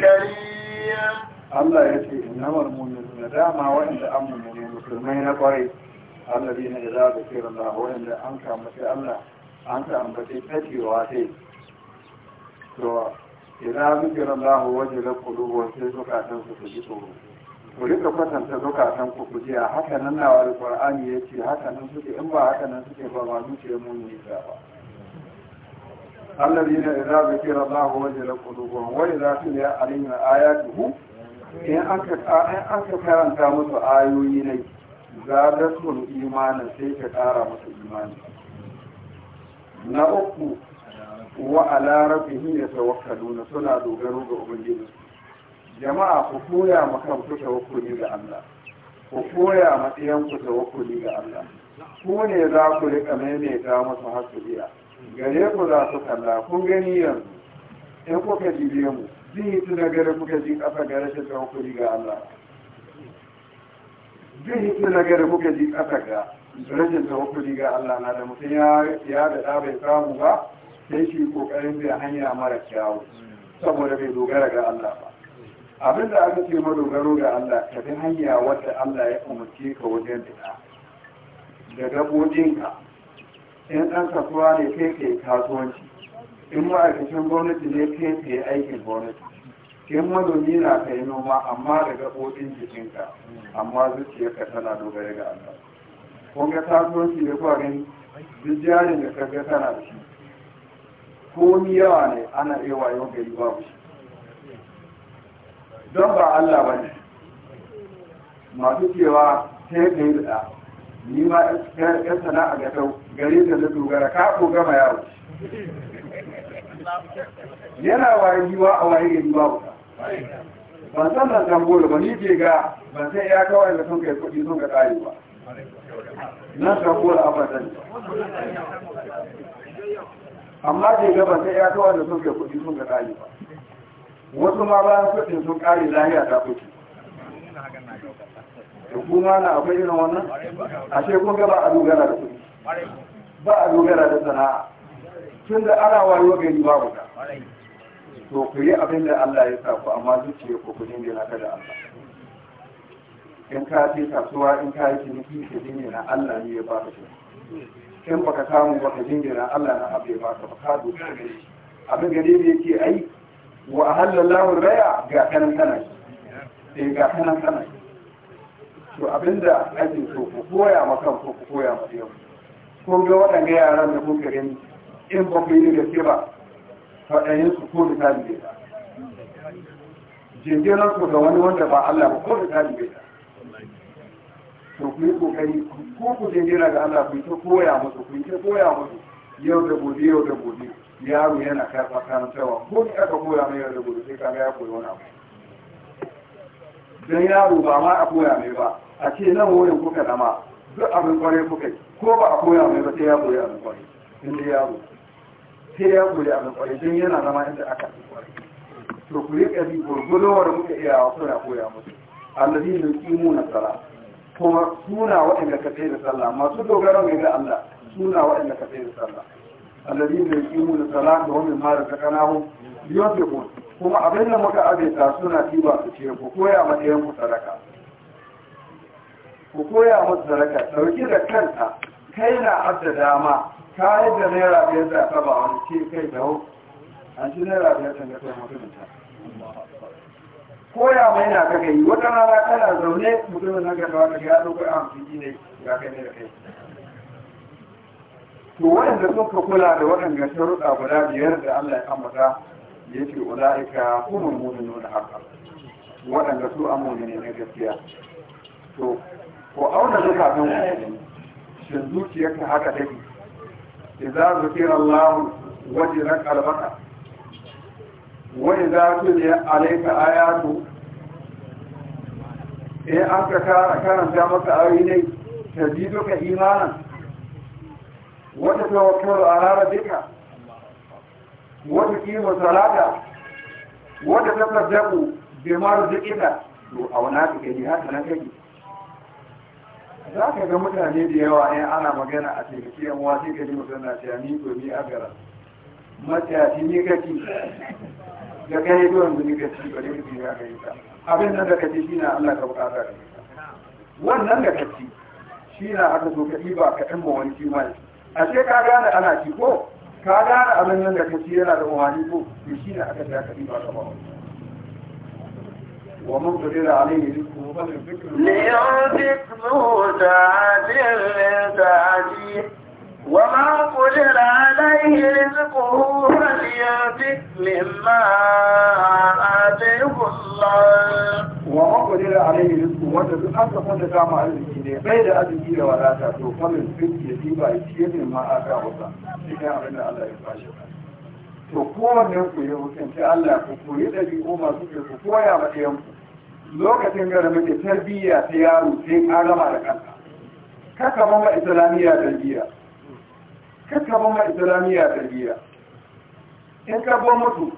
كريم الله يتي إنما المؤمنون داما وإن أمنوا مسلمين قريب الذين إذا ذكر الله وإن أنك أمتي الله أنك أمتي تجيواتي إذا ذكر الله وجل قلوبهم في زكاة تنسى تجيواتي ku rika kwatanta zukatan ku ku jiya haka nan na wani qur'ani yace haka nan suke in ba haka nan suke ba ba zuciyar mu ne ta ba alladheena idza zikira Allah wajala qulubuhum wa idza tuliya aya dubu in aka in aka karanta musu ayoyi ne za zadatul imani sai ka kara musu imani na uku wa ala rabbihim yatawakkaluna suna dogaro ga ubangiji jama'a ku koya ma kanku tawakkuli ga Allah ku koya ma ta tawakkuli ga Allah ku ne za ku riƙa maimaita musu hasuliya gare ku za su kalla kun gani yanzu in kuka jibe mu zai na gare kuka ji ƙasa ga rashin tawakkuli ga Allah zai na gare kuka ji ƙasa ga rashin tawakkuli ga Allah na da mutum ya da ɗa bai samu ba sai shi ƙoƙarin bai hanya mara kyawu saboda bai dogara ga Allah ba abin da aka ce madogaro ga Allah ka bi hanya wadda Allah ya umarci ka wajen da da gabodinka in ɗan kasuwa ne kai kai kasuwanci in ma'aikacin gwamnati ne kai kai aikin gwamnati in madogi na kai noma amma da gabodin jikinka amma zuciyarka tana dogare ga Allah kun ga kasuwanci da kwarin gani duk jarin da kaga tana da shi komi yawa ne ana iya wayo gari babu shi don ba Allah ba ne masu cewa ta yi ɗaya da ni ma ya sana'a ga gata gare ta na dogara ka ko gama yawo yana waye yiwa a waye gani ba wuta ban san nan kan da ba ni ke ga ban sai ya kawai da sun kai kuɗi sun ka ƙare ba nan tambo da abadan amma ke ga ban sai ya kawai da sun kai kuɗi sun ka ƙare ba wasu ma bayan kuɗin sun ƙari lahiya ta kuɗi da kuma na akwai irin wannan ashe kun ga ba a dogara da kuɗi ba a dogara da sana'a tun da ana wayo gani ba wuta to ku yi abin da Allah ya sa ku amma zuciya ku ku dingina ka da Allah in ka ce kasuwa in ka yi ciniki ka dingina Allah ne ya ba ka in baka samu baka ka Allah na abu ya ba ka ba ka dogara abin gari da yake ai wa halallahu raya ga kanan kanan eh ga kanan kanan to abinda ake so ku koya ma kan ku koya ma yau Ko ga waɗanda yaran da kuka gani in ba ku yi ke ba faɗayin su ko misali bai ta jinjiran su ga wani wanda ba Allah ba ko misali bai ta to ku yi kokari ko ku jinjira ga Allah ku yi ta koya musu ku yi ta koya musu yau da gobe yau da gobe yaro yana karɓar karantarwa ko ni aka koya mai yadda gobe sai kaga ya koyi wani abu don yaro ba ma a koya mai ba a ce nan wurin kuka dama duk abin kwarai kuka yi ko ba a koya mai ba sai ya koyi abin kwarai in dai yaro sai ya koyi abin kwarai don yana zama inda aka fi kwarai to ku yi bi gurgurowar muka iya wa kuna koya musu allazi ne kimu na sala kuma suna waɗanda ka tsaye da sallah masu dogaro ne ga Allah suna waɗanda ka tsaye da sallah alladhina yuqimuna salata wa mimma razaqnahum yunfiqun kuma abin da muka azaita suna tiba su ce ku koya ma ɗayan ku sadaka ku koya musu sadaka dauki da kanta kai na adda dama ka da naira biyar da ka ce kai da hau an naira biyar da ka kai mutumin ta koya mai na ka kai wata rana kana zaune mutumin na gaba ka ga ya zo kai amfani ne ga kai ne da kai to waɗanda suka kula da waɗanda sharuɗa guda biyar da Allah ya ambata ya ce ula'ika kuma da haka waɗanda su amuni ne na gaskiya to ko auna zakatun mu'mini shin zuciyarka haka take idza zikira Allah wajira qalbaka wa idza tuliya alayka ayatu eh an ka karanta maka ayoyi ne tajiduka imanan Wata wata وتتوكل wata ربك وتقيم الصلاة وتتصدق بما to a wani haka kai haka na kai? za ka ga mutane da yawa in ana magana a taimaki yan uwa sai ka ji ni ko ni a gara matashi ni kake da kai to yanzu ni kake ba dai kake ya kai ta abin nan da kake shi na Allah ka buƙa ka wannan da kake shi na aka so ka ba ka ɗan ma wani kimanin a ce ka gane ana ci ko ka gane abin nan da kaci yana da wani ko da shi ne aka ya kaɗi ba ta ba ومن قدر عليه رزقه فليمسك ذو سعة لسعته وما قدر عليه رزقه فلينفق مما آتيه الله وما قدر عليه رزقه wanda duk كنت san wanda ta ma arziki ne bai da arziki da wadata to kwamin fit ya ci ba ya ci ne ma a to kowanne ku yi hukun ta Allah ku koyi ɗabi'u masu ke ku koya ma ɗayan ku lokacin da da muke tarbiyya ta yaro sai an gama da kanka kaka mama islamiyya tarbiyya kakka ba ma islamiyya tarbiyya in ka ba mutu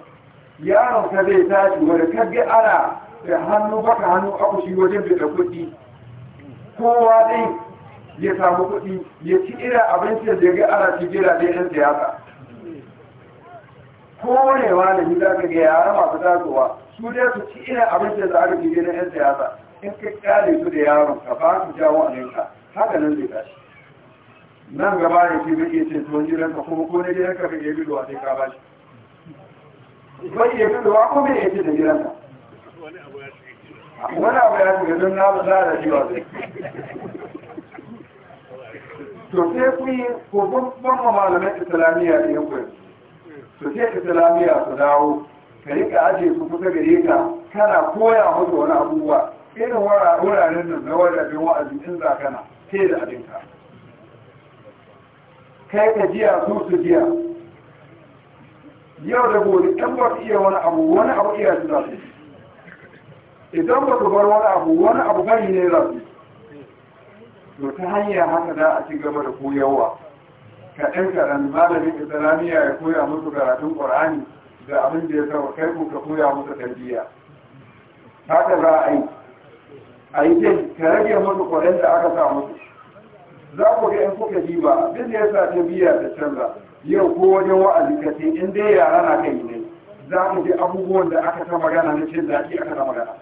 yaron ka zai tashi wanda ka ga ana da hannu baka hannu akushi wajen da kuɗi kowa dai ya samu kuɗi ya ci irin abincin da ga ana ci jira da yan siyasa kowane malami za ka ga yara masu tasowa su dai su ci irin abincin da aka ci jira yan siyasa in ka kyale su da yaron ka ba su jawo a ka haka nan zai tashi nan gaba ne ke muke ce tuwon ka, kuma ko na ka bai bi duwa sai ka bashi bai iya bidowa ko me ya ce da gidanka wani abu ya shiga don na ba da shi wa to sai ku yi ko ban malaman islamiyya ne ku to sai islamiyya su dawo ka rika aje su kusa gare ka kana koya musu wani abubuwa irin wuraren nan na wajen bin wa'azi in za kana sai da abinka kai ka jiya su su jiya yau da gobe ɗan ba su iya wani abu wani abu iya su zafi idan ba su bar wani abu wani abu gani ne zafi to ta hanyar haka za a ci gaba da koyarwa kaɗan kaɗan malamin islamiyya ya koya musu karatun ƙwar'ani da abin da ya saba kai ku ka koya musu tarbiyya haka za a yi a yi ka rage musu kwaɗan da aka sa musu za ku ga in kuka ba duk da ya sa ta biya ta canza yau ko wajen wa'azi ka ce in dai yara na kai ne za mu ji abubuwan da aka ta magana na cin daɗi aka ta magana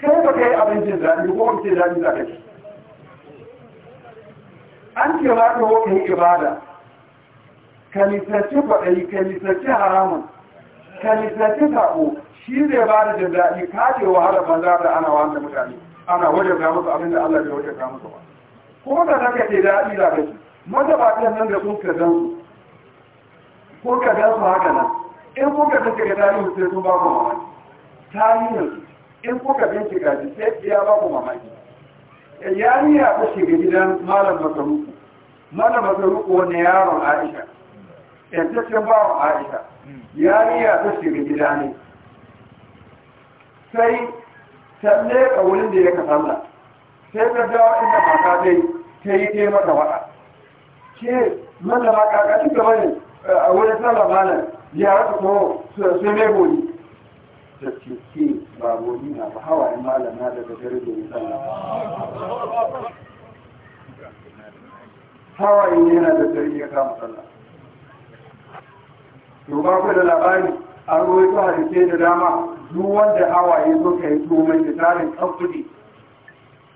kai ba ka yi abincin daɗi ko ba cin zaki za ka ci an ce ba ka ka yi ibada ka nisanci kwaɗayi ka nisanci haramun ka nisanci saƙo shi ne ba da jin daɗi ka ce wahala banza da ana wanda mutane ana wajen ga musu abin da Allah bai wajen ga musu ba ko da nan ka ce daɗi za ka ba ta nan da sun ka dan su ko ka gan su haka nan in ko ka bincika tarihi sai sun ba ku mamaki tarihin in bin bincika shi sai ya ba ku mamaki eh, ya ta shiga gidan malam masaruku malam masaruku wani yaron aisha yantaccen eh, bawan aisha ya ta shiga gida ne sai ta leka wurin da ya ka sallah sai ta dawo inda mata dai ta yi ta mata wada ke mallama kaka shi gaba ne a wurin sallah malam ya su ko su mai goyi ta ce ke ba goyi na ba hawaye malam na daga dare da yi sallah hawaye ne yana da dare ya kama sallah to ba ku da labari a ruwaito hadisai da dama duk wanda hawaye ka yi to mai da tarin tsaftuɗi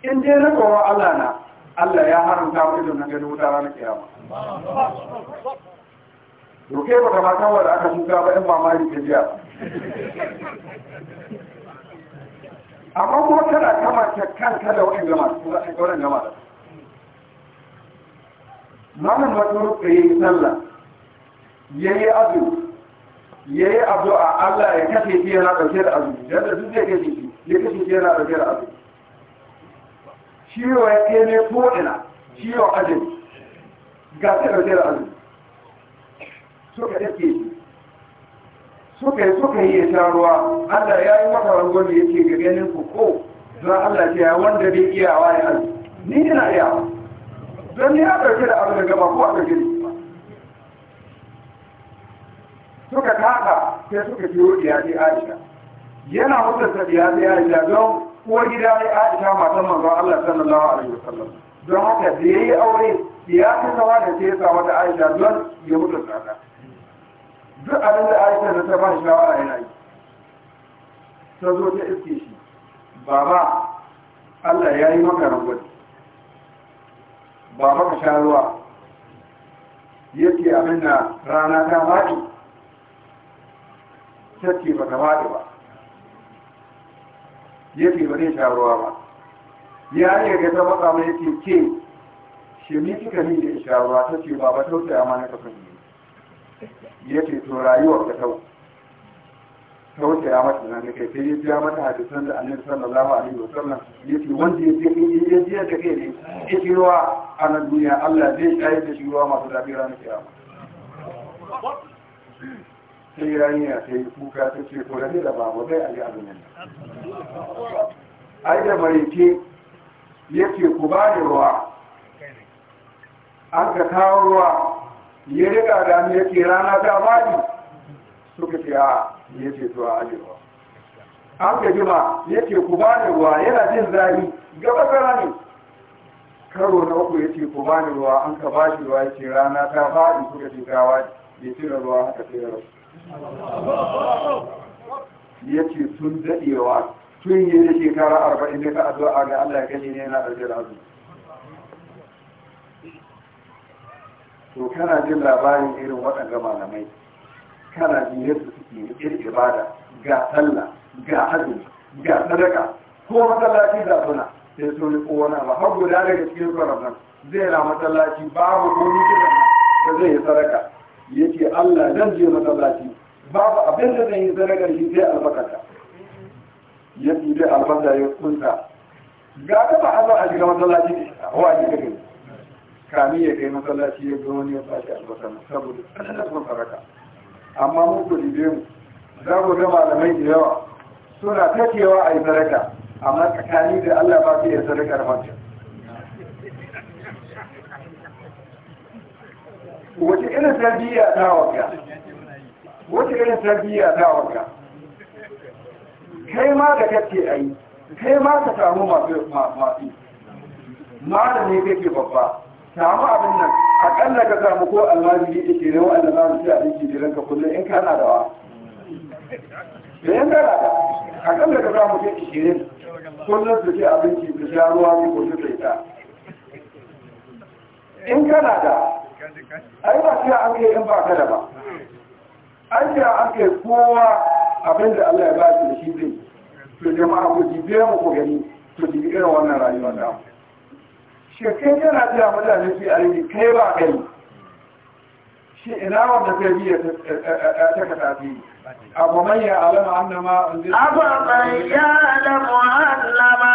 in dai na kowa Allah na Allah ya haramta mu idan nan gani wuta ranar kiyama Roke ba ta mata wadda aka shuka ba ‘yan mamari ke jiya. Amma kuma tana kamata kanka da wani gama, kuma a gauran gama da. wata rufe yi sallah, ya yi azu, ya yi azu a Allah ya kashe shi yana ɗauke da azu, yadda duk zai kashe shi, ya kashe shi yana ɗauke da azu. ciwo ya kai ne ko'ina ciwo ajin ga ta da zai azumi suka yake shi suka yi suka yi ya ruwa allah ya yi maka rangon da yake ga ganin ku ko don allah ce ya wanda bai iyawa ya azumi ni ina iyawa don ni ya ɗauke da abu da gaba ko a ɗauke da suka kaka sai suka ciwo da ya ce aisha yana mutunta da ya ce aisha don uwar gida ne Aisha matan manzon Allah sallallahu alaihi wasallam don haka da yayi aure ya ta kawa da ta yasa wata Aisha don ya mutu tsada duk abin da Aisha da ta ba shi shawara yana yi ta zo ta iske shi baba Allah ya yi maka rangwani baba ka sha ruwa yake abin da rana ta faɗi ta ce ba ta faɗi ba yake ba zai sha ruwa ba ya ne ga ta matsa mai yake ke shemi kika ni da sha ruwa ta ce ba ba tausaya ma na kafin ne yake to rayuwar ka tau tausaya mata nan kai sai ya biya mata hadisan da annabi sallallahu alaihi wasallam yake wanda ya je in ya je ka kai ne yake ruwa a nan duniya Allah zai shayar da shi ruwa masu daɗi ranar kiyama sai yarinya ta yi kuka ta ce ko da ba mu zai a yi azumin ai da marike yake ku ba da ruwa an ka kawo ruwa ya riga da mu yake rana ta bani suka ce a ya ce to a ruwa an ka jima yake ku ba da ruwa yana jin zafi gaba gara ne karo na uku yake ku ba da ruwa an ka ba shi ruwa yake rana ta bani suka ce gawa ya ce ruwa haka sai ya rasu ya ce sun daɗewa tun yi da shekara arba'in da ka addu'a ga Allah ya gani ne na ɗauke da azumi to kana jin labarin irin waɗanda malamai kana jin yadda suke yin ibada ga sallah ga azumi ga sadaka ko masallaci da suna sai sun yi kowane ba, har guda daga cikin tsoron zai na masallaci babu komi kiran da zai yi sadaka yake Allah zan je masallaci babu abin da zan yi zanagar shi sai albakata ya ɗibe albarka ya kunta ga ta ba Allah a shiga masallaci ne a wa ji kake kami ya kai masallaci ya zo wani ya sashi albarka saboda tsananin son sadaka amma mun ku ɗibe mu za ku ga malamai da yawa suna ta cewa a yi sadaka amma tsakani da Allah ba su iya sadakar mace wace irin tarbiyya ta waka wace irin tarbiyya ta waka kai ma da kake ai kai ma ka samu masu masu malami kake babba samu abin nan akalla ka samu ko almajiri da ke ne wa'anda za su ci abinci da ka kullum in kana da wa da yan gara ka akalla ka samu ke ishirin kullum su ci abinci su sha ruwa ko su ta. in kana da ai ba sai an kai in ba ka da ba an ce an kai kowa abin da Allah ya ba shi da shi zai to jama'a ku ji mu ku gani to ji irin wannan rayuwar da shekai yana jira mutane su yi kai ba kai shi ina wanda kai biya eh, eh, eh, ta ka tafi abu man ya alama annama unzila abu man ya alama annama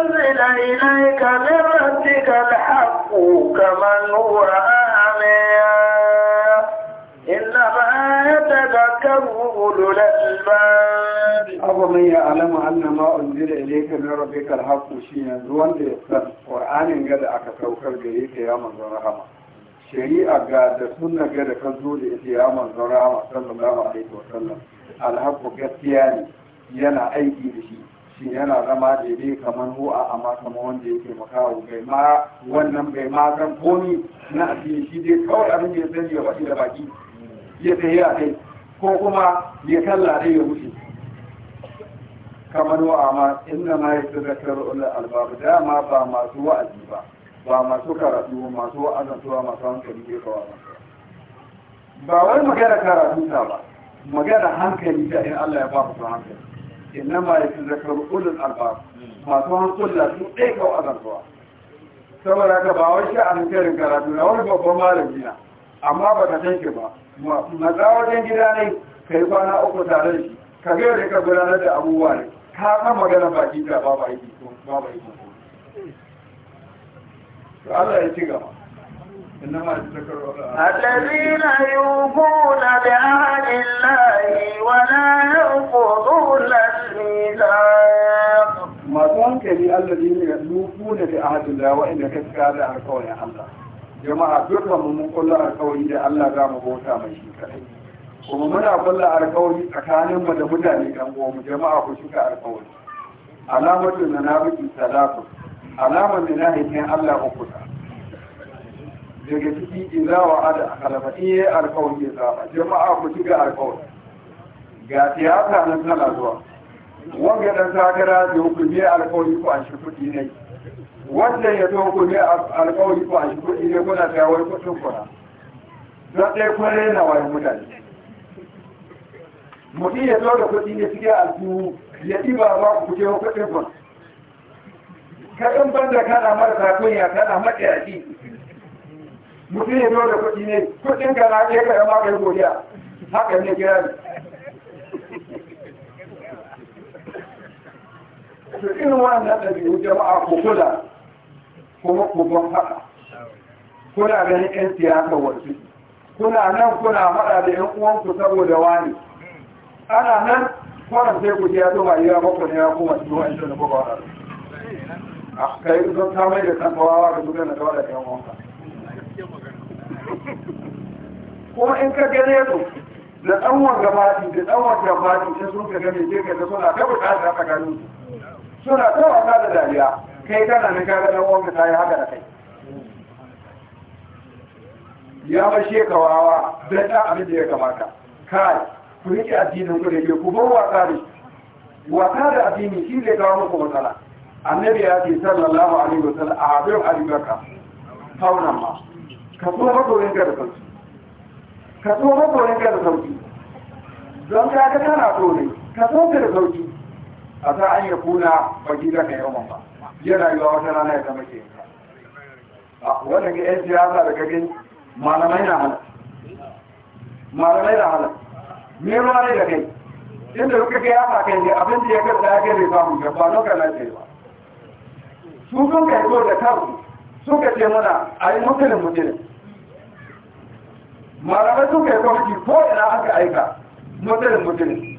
unzila ilayka min rabbika alhaqu kaman huwa أولو الألباب أفمن يعلم أن ما أنزل إليك من saukar الحق شيئا وأنت يفهم قرآن قد أكثر إليك يا من رحمة شريعة قد سنة قد كنزول إليك يا من رحمة صلى الله عليه وسلم الحق ne yana aiki da shi shi yana zama daidai kamar hu'a amma kamar wanda ke makawo bai ma wannan bai ma komi na kawai abin da ya sani ya faɗi da baki ya tsaye kai ko kuma ya kallare ya wuce kamar wa'ama inna ma ya tsirrakar ular albabu dama ba masu wa'azi ba ba masu karatu masu wa'azantuwa masu hankali ke kawo ba wai magana karatu ta ba magana hankali ta in Allah ya ba su hankali inna ma ya tsirrakar ular albabu masu hankali su ɗaya kawo azantuwa saboda ka ba wai sha'anin karin karatu na wani babban malam jina. amma ba ta san ba maza wajen gida ne ka yi kwana uku tare da shi ka gaya da ka gudanar da abubuwa ne ka san magana baki da ba ba yi ba ba yi to Allah ya ci gaba الذين يوفون بعهد الله ولا ينقضون الميثاق ما كان كلي الذين يوفون بعهد الله وإن كسر هذا يا الله jama'a dukkan mu mun kulla alƙawari da Allah za mu bauta mai shi kadai kuma muna kulla alƙawari tsakanin mu da mutane kan mu jama'a ku shuka alƙawari alamatu na nabiki salatu alamar na nahikin Allah ku ta daga ciki idza wa'ada khalafa alƙawari ya zaba jama'a ku shuka alƙawari. ga tiyata nan tana zuwa wanda dan sakara da hukumi alƙawari ku an shi kudi ne wannan ya zo ku ne alƙawari ko a shi kuɗi ne kuna ta wai kuɗin kuna don ɗaya kun na wani mutane mutum ya zo da kuɗi ne a aljihu ya ɗiba ba ku wa kuɗin kuna kaɗan banda kana marasa kunya kana maƙiyaci mutum ya zo da kuɗi ne kuɗin kana ɗaya kaɗan ma kai godiya haka ne kira ne to irin wannan ɗabi'u jama'a ku kula kuma ku ban haka kuna ganin 'yan siyasa wasu kuna nan kuna haɗa da 'yan uwanku saboda wani ana nan kwanan sai ku ya zuwa ya ku ne ya kuma su wani da kuma wani a kai zan samai da kan kawawa ga dukkan da kawai da yan wanka kuma in ka gane su da ɗan gabaɗi da ɗan gabaɗi sai sun ka gane sai ka ga suna ta buƙatar a tsakaninsu suna ta wasa da dariya kai kana nan kaga dan wanda ta yi haka da kai ya shi ka wawa bai ta abin da ya kamata kai ku riƙe addinin ku da ke ku bar wasa da wasa da addini shi zai kawo muku matsala annabi ya ce sallallahu alaihi wasallam a abin alibarka faunan ma ka so makonin ka da sauki ka so makonin ka da sauki don ka ga kana so ne ka so ka da sauki a sa an yi kuna baki da ka yawan ba yana yi wata rana ya zama ke wannan ga 'yan siyasa da kagin malamai na hana malamai na hana me ruwa ne da kai inda kuka kai ya kai ne abin da ya kasa ya kai bai samu ga ba nuka na ce ba su sun kai ko da kansu suka ce mana a yi mutunin mutumin malamai suka yi kwanci ko ina aka aika mutunin mutumin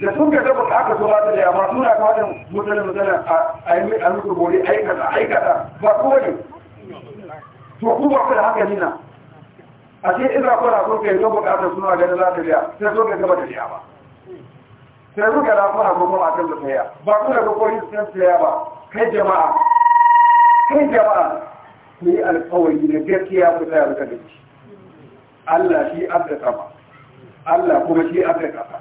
da sun ka gaba da aka zuwa da ma suna ga wannan mutane mutane a yi a muku gore aikata aikata ba su wani. to ku ba ku da haka nina a ce ina za ku na yi kai gaba da suna ganin da za ta biya sai sun ka gaba da ba. sai sun ka da kuna kuma a kan da tsaya ba ku da kokori sun tsaya ba kai jama'a kai jama'a ku yi alfawari da gaskiya ku tsaya da gaskiya Allah shi abda sama Allah kuma shi abda kasa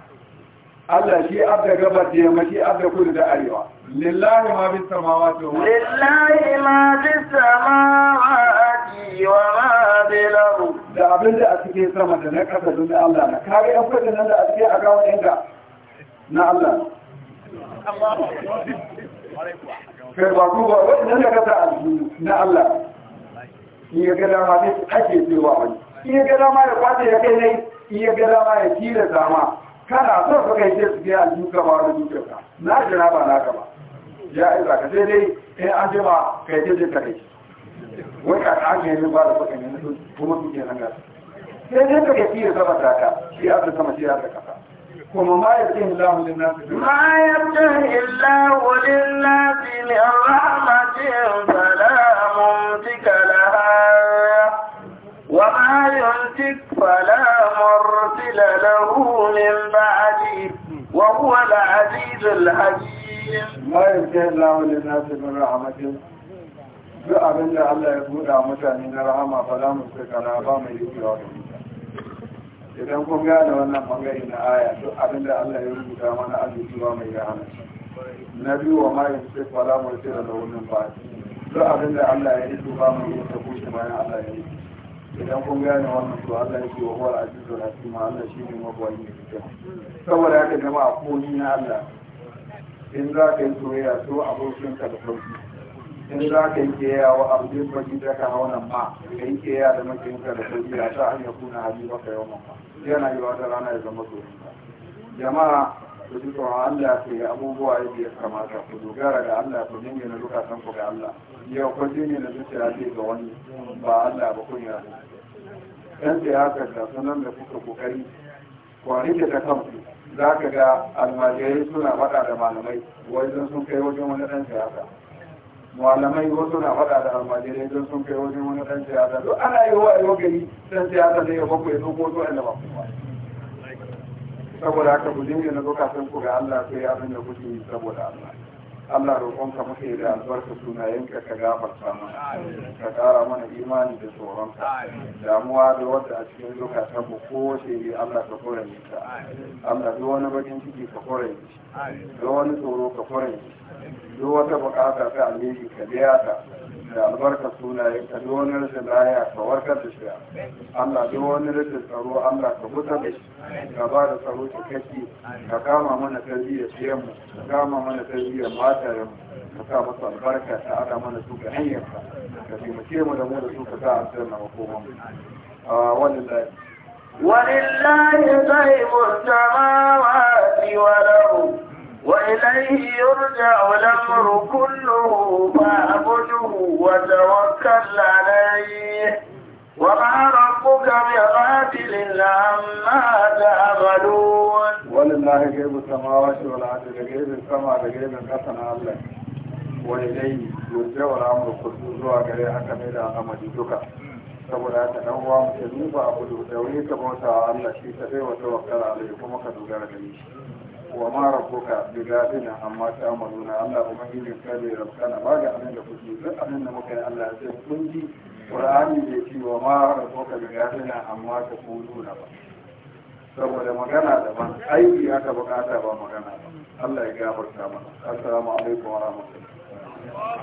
Allah shi abda gabar da yamma shi abda kudu da arewa lillahi ma bis samawati wa lillahi ma bis samawati wa ma bil ardh da abin da a cikin sama da na kasa don Allah na kare an fada nan da a cikin agawun ɗinka na Allah kai ba ku ba nan da kasa a na Allah ni ga dama ne ake cewa wani ni ga dama ya kwace ya kai ne ni ga dama ya kira zama kana so ka kai su biya a duka ba wani duka na jira ba na gaba ya za ka sai dai in an je ba kai ce je ka kai wai ka ta hanyar yin ba da kuka ne kuma su ke nan gasa sai dai ka kai fiye ba ta ka shi a sama shi ta kasa kuma ma ya tsaye lahu lin nasu ma ya tsaye lahu lin nasu min rahmatin وهو العزيز الحكيم ما duk abin da Allah ya buɗa mutane na rahama ba za mu ba mai yi wa idan kun gane wannan bangare na aya duk abin da Allah ya rubuta mana mai rahama na biyu wa yin sai mu da launin ba duk abin da Allah ya yi yi ta kushe bayan Allah ya idan kun gane wannan to Allah yake wa huwa azizul hakim Allah shi ne mabawai ne saboda haka jama'a ko ni na Allah in za ka yi soyayya so abokin ka da farko in za ka yi keya wa abdin baki da ka nan ma ka yi keya da makiyinka da sauki a sa an yi kuna hali baka yau mamma yana yi wata rana ya zama soyayya jama'a ku ji tsoron Allah ke yi abubuwa yadda ya kamata ku dogara ga Allah ku dinga na zukatan ku ga Allah yau ku dinga na zuciya ce ga wani ba Allah ba kun yi dan siyasar da sunan da kuka kokari kwari da ta kanku za ka ga almajirai suna faɗa da malamai wai don sun kai wajen wani ɗan siyasa malamai wasu suna faɗa da almajirai don sun kai wajen wani ɗan siyasa duk ana yi wa yau gari ɗan siyasa da ya bakwai ya ɗauko zuwa inda ba kuma saboda haka ku jingina lokacin ku ga Allah sai abin da kuke yi saboda Allah Allah roƙonka muke da albarka sunayenka ka gafarta mana ka ƙara mana imani da tsoronka damuwa da wadda a cikin zukatan mu ko shiri Allah ka kore ni ta Allah duk wani bakin ciki ka kore ni duk wani tsoro ka kore ni duk wata buƙata ta alheri ka biya ta da albarka sunaye ka duk wani rashin lahiya ka warkar da shi Allah duk wani rashin tsaro Allah ka gutar da shi ka ba da tsaro cikakke ka kama mana tarbiyyar siyan mu ka kama mana tarbiyyar matayen mu ka sa masa albarka ta ada mana su ga hanyar ka ka taimake mu da mu da su ka sa aljanna makoma mu a wannan da ولله غيب السماوات والأرض وإليه يرجع الأمر كله فاعبده وتوكل عليه وما ربك بغافل عما تعملون ولله غيب السماوات والأرض لغيب السماء لغيب الحسن الله وإليه يرجع الأمر كله زوا غير حكم إلى أمر دوكا saboda haka dan uwa musulmi ba abu da wuri ka bauta Allah shi kadai wa tawakkal alaihi kuma ka dogara da shi wa mara ma rabbuka bi na amma ta amaluna Allah ubangijin ka da rabkana ba ga abin da kuke duk abin da muka yi Allah ya sai kun ji Qur'ani bai ce wa ma rabbuka bi na amma ta kuluna ba saboda magana daban aiki aka bukata ba magana ba Allah ya gafarta mana assalamu alaikum wa rahmatullahi